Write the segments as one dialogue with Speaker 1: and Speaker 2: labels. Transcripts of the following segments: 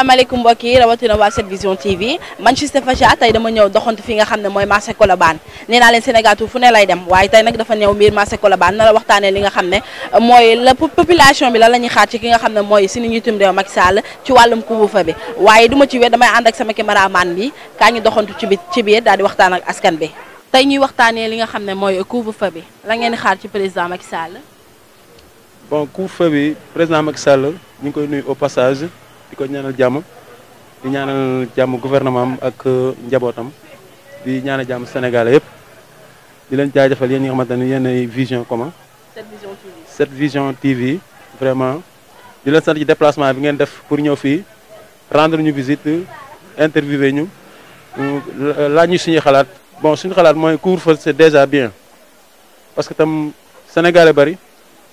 Speaker 1: asalaamaaleykum mbokk yi rawatina waa 7vision TV man Chiste Facha tey dama ñëw doxantu fi nga xam ne mooy marché Colobane nee naa leen Sénégal tout fu ne lay dem waaye tey nag dafa ñëw mbir marché Colobane na waxtaanee li nga xam ne mooy la population bi lan la ñuy xaar ci ki nga xam ne mooy suñu njiitum réew Macky Sall ci wàllum couvre-feu bi waaye du ma ci wet damay ànd ak sama caméraman bi kaa ñu doxantu ci biir ci biir daal di waxtaan ak askan bi tey ñuy waxtaanee li nga xam ne mooy couvre-feu bi la ngeen xaar ci président Macky Sall.
Speaker 2: bon couvre-feu bi président Macky ñu koy nuyu au passage di ko ñaanal jàmm di ñaanal jàmm gouvernement am ak euh, njabootam di ñaanal jàmm Sénégal yëpp di leen jaajëfal yéen ñi nga xamante ne yéen ay vision comment. 7 vision TV vraiment di leen sa ci déplacement bi ngeen def pour ñëw fii rendre ñu visite interviewé ñu euh, laaj ñu suñuy xalaat bon suñu xalaat mooy couvre-feu c'est déjà bien parce que tam Sénégalais bari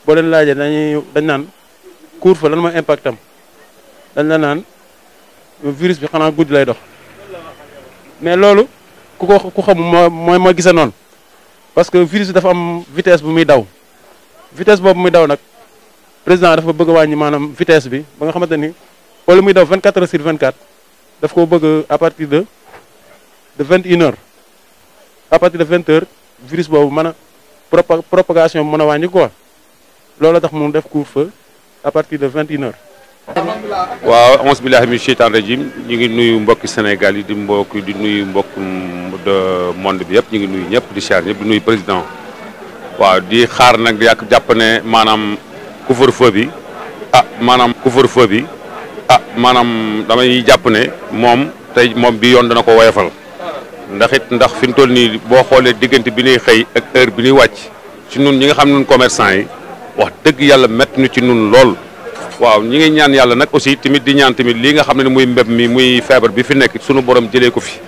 Speaker 2: boo leen laajee dañuy dañ naan couvre-feu lan mooy impact am. dañ la naan virus bi xanaa guddi lay dox mais loolu ku ko ku xam mooy mooy gisa noonu parce que virus bi dafa am vitesse bu muy daw vitesse boobu muy daw nag président dafa bëgg a wàññi maanaam vitesse bi ba nga xamante ni wala muy daw 24 heures vingt 24 daf ko bëgg à partir de de 21 heures à partir de 20 heures virus boobu mën a propagation bi mën a wàññi quoi loolu tax mu def couvre à partir de vingt 21 heures.
Speaker 3: waaw amas billahi min cheytaan rajim ñu ngi nuyu mbokki Sénégal yi di mbokk di nuyu mbokk monde bi yëpp ñu ngi nuyu ñëpp di char ñëpp di nuyu président waaw di xaar nag yàq jàpp ne maanaam couvre-feu bi ah maanaam couvre-feu bi ah maanaam damay jàpp ne moom tey moom bi yoon dana ko woyofal ndax it ndax fi mu toll nii boo xoolee diggante bi ñuy xëy ak heure bi ñuy wàcc ci nun ñi nga xam nun commerçant yi wax dëgg yàlla métti nu ci nun lool waaw ñi ngi ñaan yàlla nag aussi tamit di ñaan tamit li nga xam ne muy mbéb mi muy feebar bi fi nekk sunu borom jëlee ko fi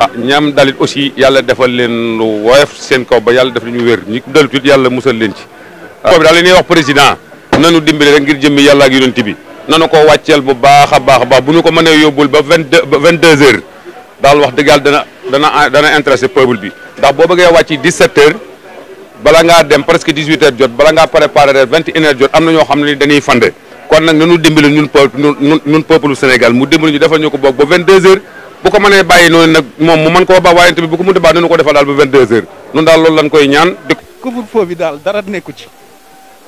Speaker 3: ah ñaam dalit aussi yàlla defal leen lu woyof seen kaw ba yàlla def li ñu wér ñi dalit it yàlla musal leen ci ah, boobu daal li ñuy wax président nanu dimbali rek ngir jëmmi yàlla ak yonent bi nanu ko wàcceel bu baax a baax a bu ñu ko mënee yóbbul ba vingt deux ba vingt deux heures daal wax dëgg dana dana dana intéressé peuple bi ndax boo bëggee wàcc dix sept heures bala ngaa dem presque dix huit heures jot ngaa préparé vingt et une am na ñoo xam ne dañuy fande kon nag nanu dimbali ñun peuple ñun ñun peuple Sénégal mu dimbali ñu defal ñu ko boog ba 22 heures bu ko mënee bàyyi noonu nag moom mu mën koo ba waaye tamit a baax koy ñaan.
Speaker 2: bi daal dara nekku ci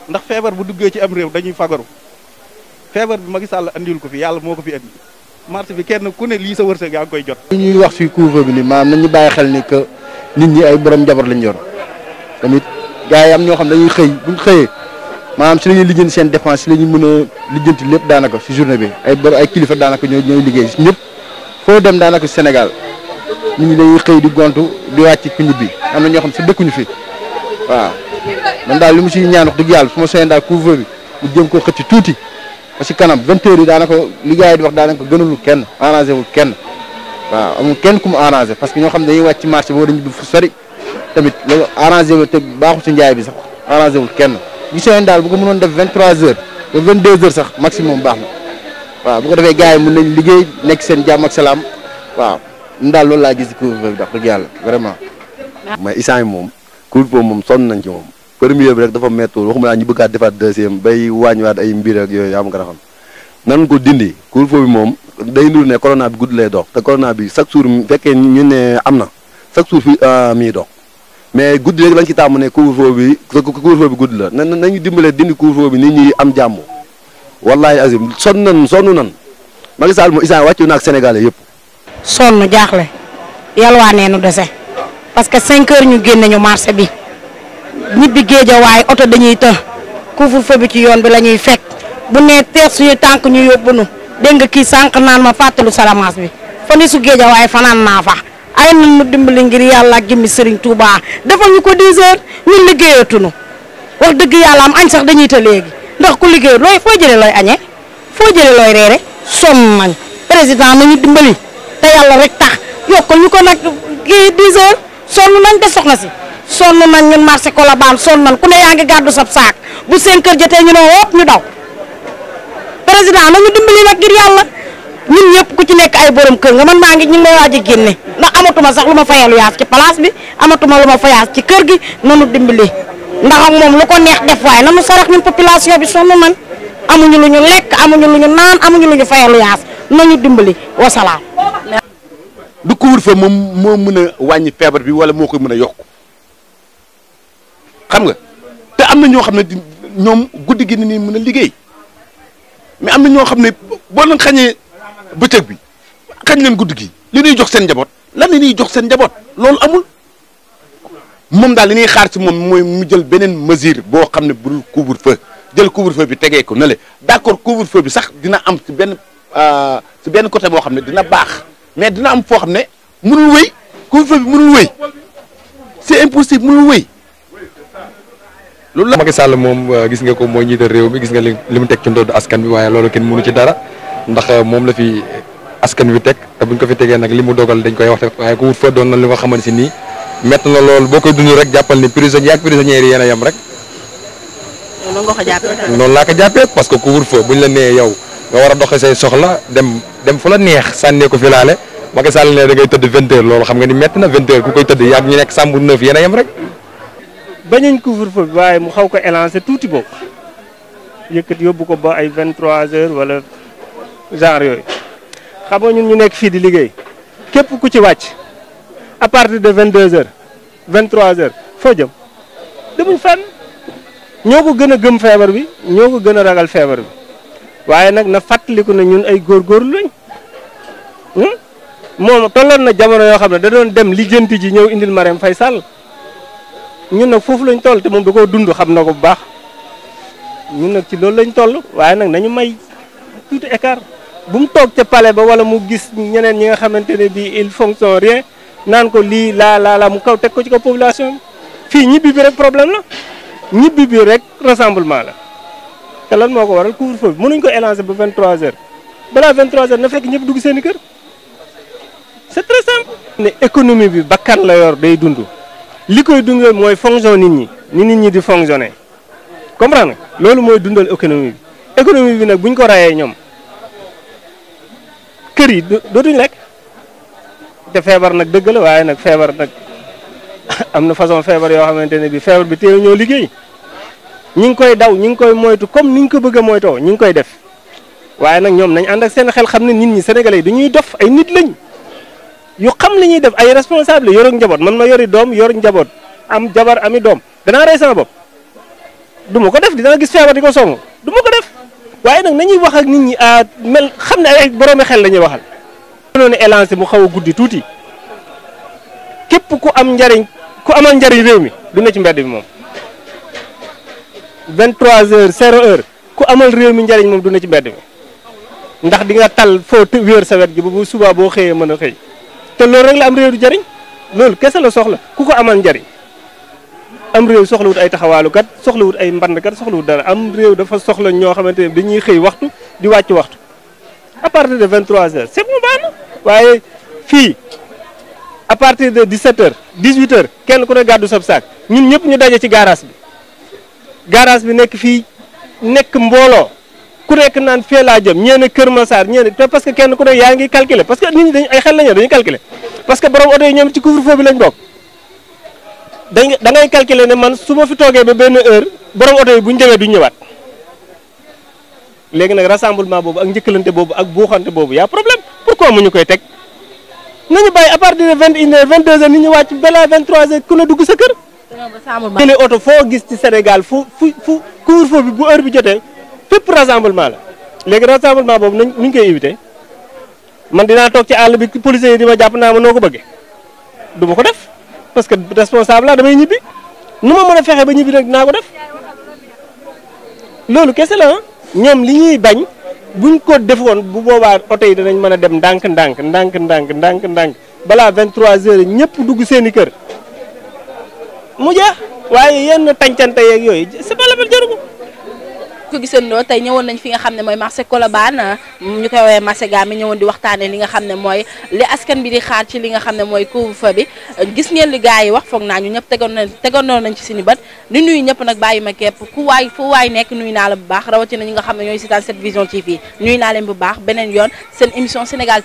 Speaker 2: ndax feebar bu duggee ci am réew dañuy fagaru feebar bi Macky Sall andiwul ko fi yàlla moo ko fi andi marché bi kenn ku ne lii sa wërsëg yaa ngi koy jot. ñuy wax ci couvre-feu bàyyi xel ni nit ñi ay borom jabar lañ yor tamit gars yi am ñoo xam dañuy xëy buñ xëyee maanaam si la ñuy seen dépense si la ñuy mën a lépp daanaka si journée bi ay bor ay kilifa daanaka ñoo ñooy liggéey si ñëpp foo dem daanaka Sénégal ñu ngi dañuy xëy di gontu di wàcc ku ñibbi am na ñoo xam si dëkkuñu fi waaw man daal li mu si ñaan wax dëgg yàlla su ma soññee daal couvre bi mu jëm koo xëcc tuuti ba si kanam vingt heures yi daanaka li gars yi di wax daanaka gënalu kenn arrangé wul kenn waaw amul kenn ku mu arrangé parce que ñoo xam ne dañuy wàcc marché boo dañu ñibbi fu sori tamit arrangé wul te baaxul si njaay bi sax arrangé wul kenn ñu seen daal bu ko mënoon def vingt trois heures ba vingt deux heures sax maximum baax na waaw bu ko defee gars yi mën nañ liggéey nekk seen jàmm ak salaam waaw ñun daal loolu laa gis couvre-feu bi yàlla vraiment. mais isaan yi moom couvre-feu moom sonn nañ ci premier bi rek dafa méttiwul waxuma laa ñu bëggaat defaat deuxième bay wàññiwaat ay mbir ak yooyu yaa ma gën a nan ko dindi couvre-feu bi moom day ndur ne corona bi gudd lay dox te corona bi chaque jour fekkee ñu ne am na chaque jour fi ah, mi dox. mais guddi rek lañ ci tàmm ne couvre-feu bi couvre-feu bi guddi la na nañu dimbalee
Speaker 3: dindi couvre-feu bi nit ñi am jàmm wallaahi azim sonn nan sonn nan Macky Sall mo isaan wàccu na ak sénégalais yëpp
Speaker 1: sonn jaaxle yalwaanee nu dese parce que cinq heures ñu génn ñu marché bi ñibbi géejawaay oto dañuy të couvre-feu ci yoon bi la ñuy fekk bu nee teex suñu tànk ñu yóbbu nu dégg kii sànq naan ma fàttalu salamaas bi fani su géejawaay fanaan naa fa ay nan nu dimbali ngir yàlla ak jëmmi sëriñ Touba defal ñu ko 10 heures ñun liggéeyatunu wax dëgg yàlla am añ sax dañuy ta léegi ndax ku liggéey looy foo jëlee looy añee foo jëlee looy reere sonn nañ président nañu dimbali te yàlla rek tax yokkal ñu ko nag kii 10 heures sonn nañ de soxna si sonn nañ ñun marché Colobane sonn nañ ku ne yaa ngi gàddu sab saak bu seen kër jotee ñu ne woop ñu daw président nañu dimbali nag ngir yàlla ñun ñëpp ku ci nekk ay borom kër nga man maa ngi ñu ngi may waaj a génne ndax amatuma sax lu ma fayalu yaas ci place bi amatuma lu ma fayaas ci kër gi nanu dimbali ndax ak moom lu ko neex def waaye nanu sarax ñun population bi sonn man amuñu lu ñu lekk amuñu lu ñu naan amuñu lu ñu fayalu yaas nañu dimbali wasalaam.
Speaker 3: du couvre-feu moom moo mën a wàññi feebar bi wala moo koy mën a yokk xam nga
Speaker 1: te am na ñoo xam
Speaker 3: ne ñoom guddi gi nii mën a liggéey mais am na ñoo xam ne boo leen bëccëg bi xañ leen guddi gi li ñuy jox seen njaboot lan la ñuy jox seen njaboot loolu amul moom daal li ñuy xaar si moom mooy mu jël beneen mesure boo xam ne budul couvre-feu jël couvre-feu bi tegee ko na le d'accord couvre-feu bi sax dina am si benn si euh, benn côté boo xam ne dina baax mais dina am foo xam ne mënul wéy couvre-feu bi mënul wéy c'est impossible mënul wéy. loolu la Macky Sall moom euh, gis nga ko mooy njiital réew mi gis nga li mu teg ci ndodd askan bi waaye loolu kenn mënu ci dara. ndax euh, moom la fi askan wi teg te buñ ko fi tegee nag li mu dogal dañ koy wax te waaye ku wut doon na li nga xamante si nii métti na loolu boo koy dund rek jàppal ni prisonnier ak prisonnière yi yéen rek.
Speaker 1: noonu ko jàppee
Speaker 3: noonu laa ko jàppee parce que ku wut fa buñ la nee yow nga war a doxee say soxla dem dem fu la neex sànnee ko fi laale Macky Sall ne da ngay tëdd vingt heures loolu xam nga ni métti na vingt heures ku koy tëdd yaa ñu nekk sàmm neuf yéen a yem rek. bañuñ mu xaw ko élancé tuuti
Speaker 4: boobu ba ay vingt genre yooyu xam nga ñun ñu nekk fii di liggéey képp ku ci wàcc à partir de 22h 23h foo jëm demuñ fenn ñoo ko gën a gëm feebar bi ñoo ko gën a ragal feebar bi waaye nag na fàttaliku ne ñun ay góor góorgóorlu lañ hmm? moom tolloon na jamono yoo xam ne da doon dem lijjanti ji ñëw indil Marème fay Sall ñun nag foofu lañ toll te moom da koo dund xam na ko bu baax ñun nag ci loolu lañ toll waaye nag nañu may tuuti écart. bu mu toog ca palais ba wala mu gis ñeneen ñi nga ne il fonctionne rien naan ko lii laa laa la mu population ñibbi problème la ñibbi bi rassemblement la te lan élancer 23h 23h na fekk dugg kër c'est très simple. ne économie bi bakkan la yor day dund li dundal fonction nit ñi nit ñi di fonctionner comprendre loolu dundal économie économie bi kër yi dootuñ lekk te feebar nag dëgg waaye nag feebar nag am na façon feebar yoo xamante ne bi feebar bi téew ñoo liggéey ñi ngi koy daw ñi ngi koy moytu comme ni ñu ko bëgg a moytoo ñi ngi koy def waaye nag ñoom nañ ànd seen xel xam ne nit ñi sénégalais yi dañuy dof ay nit lañ yu xam li ñuy def ay responsable yor njaboot man ma yori doom yor njaboot am jabar ami doom danaa rey sama bopp du ma ko def dinaa gis feebar di ko somm du ma ko def waaye nag nañuy wax ak nit ñi ah, mel xam ne ay boroomi xel la ñuy waxal. mënoon a élancé mu xaw a guddi tuuti képp ku am njariñ ku amal njariñ réew mi duna ci mbedd bi moom. 23h 0h ku amal réew mi njariñ moom du ne ci mbedd bi ndax di nga tal foo wéer sa wet gi ba bu subaa boo xëyee mën a xëy te loolu rek la am réew du jariñ loolu kese la soxla ku ko amal njariñ. am réew soxlawut ay taxawaalukat soxlawut ay mbandkat soxlawut dara am réew dafa soxla ñoo xamante ne dañuy xëy waxtu di wàcc waxtu à partir de 23h c'est bon baax na waaye fii à partir de 17h 18h kenn ku ne gàddu sab saak ñun ñëpp ñu daje ci garage bi garage bi nekk fii nekk mbooloo ku nekk naan fee laa jëm ñee Kër Massar ñee ne parce kenn ku ne yaa ngi calculer parce nit ñi dañ ay xel la ñu dañuy calculer ci couvre-feu bi lañ bokk. dañ da ngay calculer ne man su ma fi toogee ba benn heure borom oto yi bu ñu demee du ñëwaat léegi nag rassemblement boobu ak njëkkalante boobu ak buuxante boobu yaa a problème pourquoi mu ñu koy teg nañu bàyyi à partir de vingt une heure vingt deux heures nit ñu wàcc balaa vingt trois heures ku ne dugg sa kër. dëgg la oto foo gis ci Sénégal fu fu fu couvre-feu bi bu heure bi jotee fépp rassemblement la léegi rassemblement boobu nañ ñu koy éviter man dinaa toog ci àll bi policiers yi di ma jàpp naa ma noo ko bëggee du ma ko def. parce que responsable la damay ñibbi nu ma mën a fexe ba ñibbi nag naa ko def loolu kese la ah. ñoom li ñuy bañ buñ ko def woon bu boobaa oto yi danañ mën a dem ndànk ndànk ndànk ndànk ndànk ndànk balaa 23 heures ñëpp dugg seeni kër mu jeex waaye yenn tàncante yeeg yooyu c'est pas la peine
Speaker 1: ko gisandoo tey ñëwoon nañ fi nga xam ne mooy marché Colobane ñu koy waxtaanee li nga xam ne mooy li askan bi di xaar ci li nga xam ne mooy couvre-feu bi gis ngeen li gars yi wax foog naa ñu ñëpp tegoon nañ tegoon nañ ci suñu bët ni nuyu ñëpp nag bàyyi ma képp ku waay fu waay nekk nuyu naa la bu baax rawatina ñi nga xam ne ñooy seetaan 7vision TV nuyu naa leen bu baax beneen yoon seen émission Sénégal